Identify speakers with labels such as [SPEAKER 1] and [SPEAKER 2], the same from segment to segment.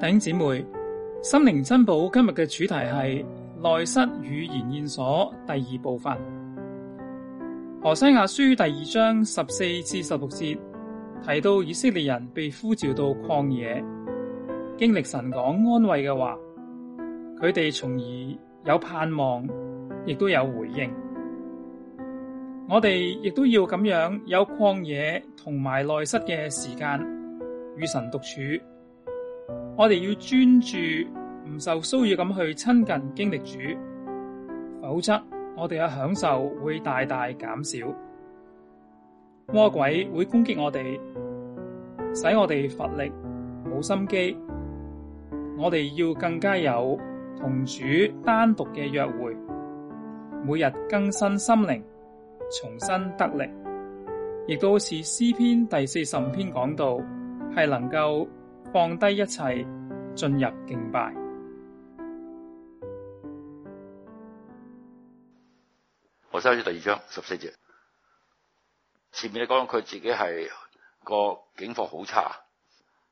[SPEAKER 1] 弟兄姐妹，心靈珍寶今日嘅主題係內室與筵宴所第二部分。何西阿書第二章十四至十六節提到以色列人被呼召到曠野，經歷神講安慰嘅話，佢哋從而有盼望，亦都有回應。我哋亦都要咁樣有曠野同埋內室嘅時間，與神獨處。我哋要專注，唔受騷擾咁去親近經歷主，否則我哋嘅享受會大大減少。魔鬼會攻擊我哋，使我哋乏力冇心機。我哋要更加有同主單獨嘅約會，每日更新心靈，重新得力，亦都好似詩篇第四十五篇講到，係能夠。放低一切，進入敬拜。
[SPEAKER 2] 我收住第二章十四節，前面你講佢自己係個境況，好差，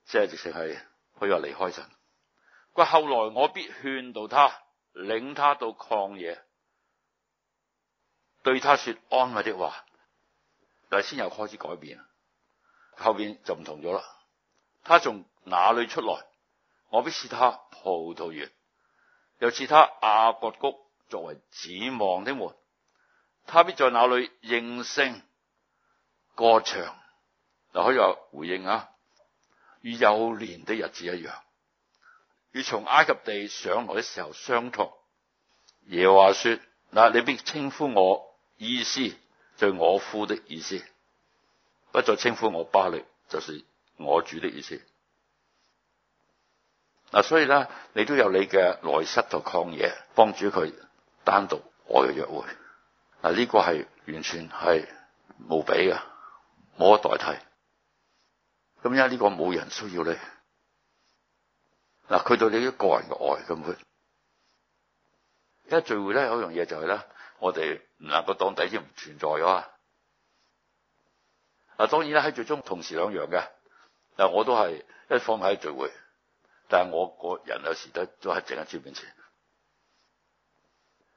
[SPEAKER 2] 即係直情係佢又離開神。佢後來，我必勸導他，領他到曠野，對他說安慰的話，但係先有開始改變。後邊就唔同咗啦，他仲。那裡出來，我必賜他葡萄園，又賜他亞割谷作為指望的門。他必在哪認過場那裡應聲歌唱，嗱可以話回應啊，與幼年的日子一樣，與從埃及地上來的時候相同。耶和華說嗱，那你必稱呼我伊施，就是、我夫的意思，不再稱呼我巴力，就是我主的意思。嗱，所以咧，你都有你嘅內室同曠野，幫助佢單獨愛嘅約會。嗱、啊，呢、這個係完全係無比嘅，冇得代替。咁因為呢個冇人需要你。嗱、啊，佢對你一個人嘅愛。咁佢因為聚會咧，有一樣嘢就係、是、咧，我哋唔能夠當弟兄唔存在咗啊。當然啦，喺最終同時兩樣嘅。嗱、啊，我都係一方喺聚會。但係我個人有時都都係靜喺主面前，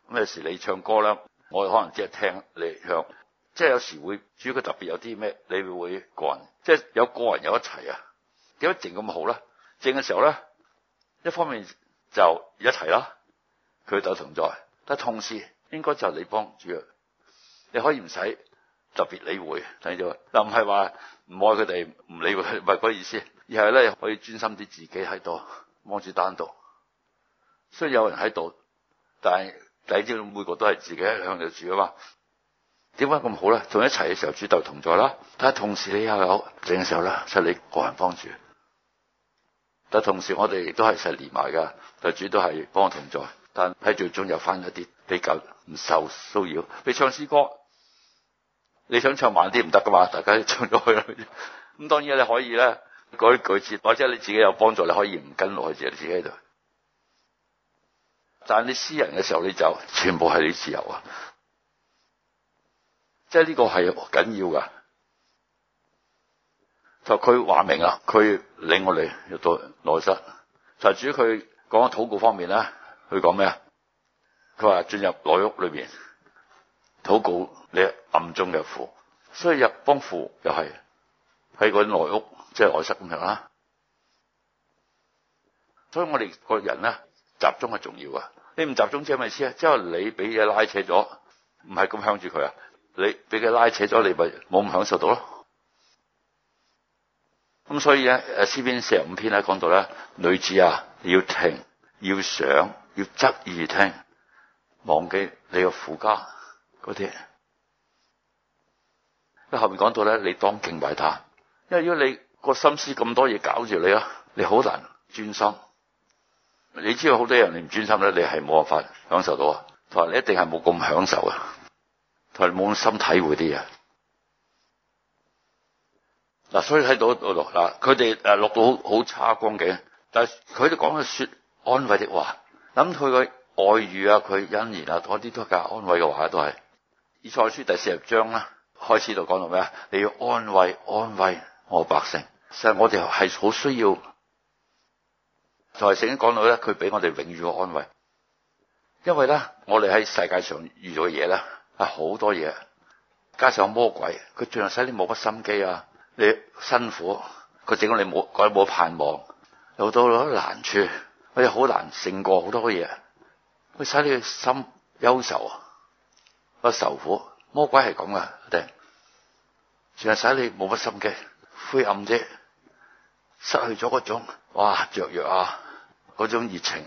[SPEAKER 2] 咁有時你唱歌啦，我可能只係聽你唱，即係有時會主要佢特別有啲咩，你會,會個人，即係有個人有一齊啊，點解靜咁好咧？靜嘅時候咧，一方面就一齊啦，佢就同在，係同時應該就你幫主，你可以唔使特別理會，等住，但唔係話唔愛佢哋，唔理佢，唔係嗰意思。而係咧，可以專心啲自己喺度望住單獨，雖然有人喺度，但係抵住每個都係自己一兩個人住啊嘛。點解咁好咧？同一齊嘅時候，主都同在啦。但係同時你又有整嘅時候啦，就係你個人幫住。但係同時我哋亦都係實連埋噶，對主都係幫同在。但係最終有翻一啲比較唔受騷擾，你唱詩歌，你想唱慢啲唔得噶嘛？大家唱咗去啦。咁當然你可以咧。嗰句字，或者你自己有幫助，你可以唔跟落去，自己喺度。但係你私人嘅時候，你就全部係你自由啊。即係呢個係緊要噶。就佢話明呀，佢領我哋入到內室。就至於佢講禱告方面啦，佢講咩啊？佢話進入內屋裏邊禱告你暗中嘅父，所以入幫父又係。喺個內屋，即係內室咁樣啦。所以我哋個人咧，集中係重要噶。你唔集中，即係咩意思啊？即係你俾嘢拉扯咗，唔係咁向住佢啊。你俾佢拉扯咗，你咪冇咁享受到咯。咁所以咧，誒，詩篇四十五篇咧講到咧，女子啊，你要聽，要想，要側耳而聽，忘記你個父家嗰啲。喺後面講到咧，你當敬拜他。因為如果你個心思咁多嘢搞住你啊，你好難專心。你知道好多人你唔專心咧，你係冇辦法享受到啊。同埋你一定係冇咁享受啊，同埋冇咁深體會啲嘢啊。嗱，所以睇到度嗱，佢哋誒落到好好差光景，但係佢哋講嘅說安慰的話，諗佢嘅愛語啊，佢恩言啊，嗰啲都係安慰嘅話都係。以賽書第四十章啦，開始就講到咩啊？你要安慰，安慰，我百姓，實我哋係好需要，就係聖經講到咧，佢俾我哋永遠嘅安慰。因為咧，我哋喺世界上遇到嘅嘢咧，係好多嘢，加上魔鬼，佢淨係使你冇乜心機啊，你辛苦，佢整到你冇，佢冇盼望，又到咗難處，我哋好難勝過好多嘢，佢使你心憂愁啊，受苦。魔鬼係咁噶，定淨係使你冇乜心機。灰暗啫，失去咗嗰種哇，雀躍啊，嗰種熱情，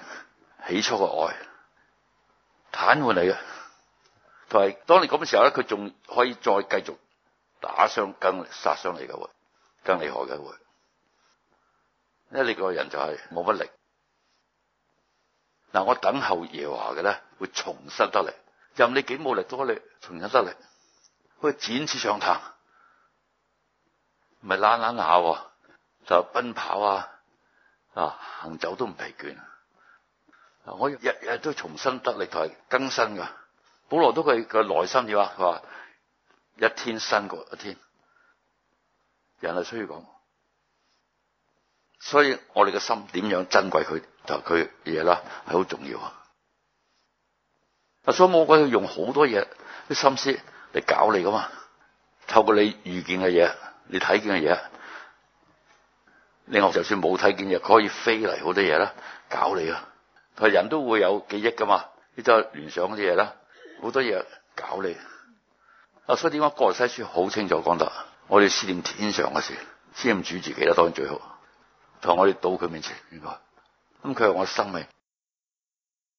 [SPEAKER 2] 起初嘅愛，癱瘓你啊，同埋當你咁嘅時候咧，佢仲可以再繼續打傷，更殺傷你嘅，會更厲害嘅會，因為你個人就係冇乜力。嗱，我等候耶華嘅咧，會重新得力，任你幾冇力，多力重新得力，可以展翅上騰。咪係懶懶下，就奔跑啊啊，行走都唔疲倦啊！我日日都重新得力，同埋更新噶。保羅都佢佢內心點話？佢話一天新過一天。人係需要講，所以我哋嘅心點樣珍貴佢就佢嘢啦，係好重要啊！啊，所以魔鬼要用好多嘢啲心思嚟，搞你噶嘛，透過你遇見嘅嘢。你睇見嘅嘢，另外就算冇睇見嘢，佢可以飛嚟好多嘢啦，搞你啊！係人都會有記憶噶嘛，你就聯想啲嘢啦，好多嘢搞你。啊，所以點解《歌羅西書》好清楚講得，我哋思念天上嘅事，思念主自己啦，當然最好。同我哋到佢面前，應該咁，佢係我生命。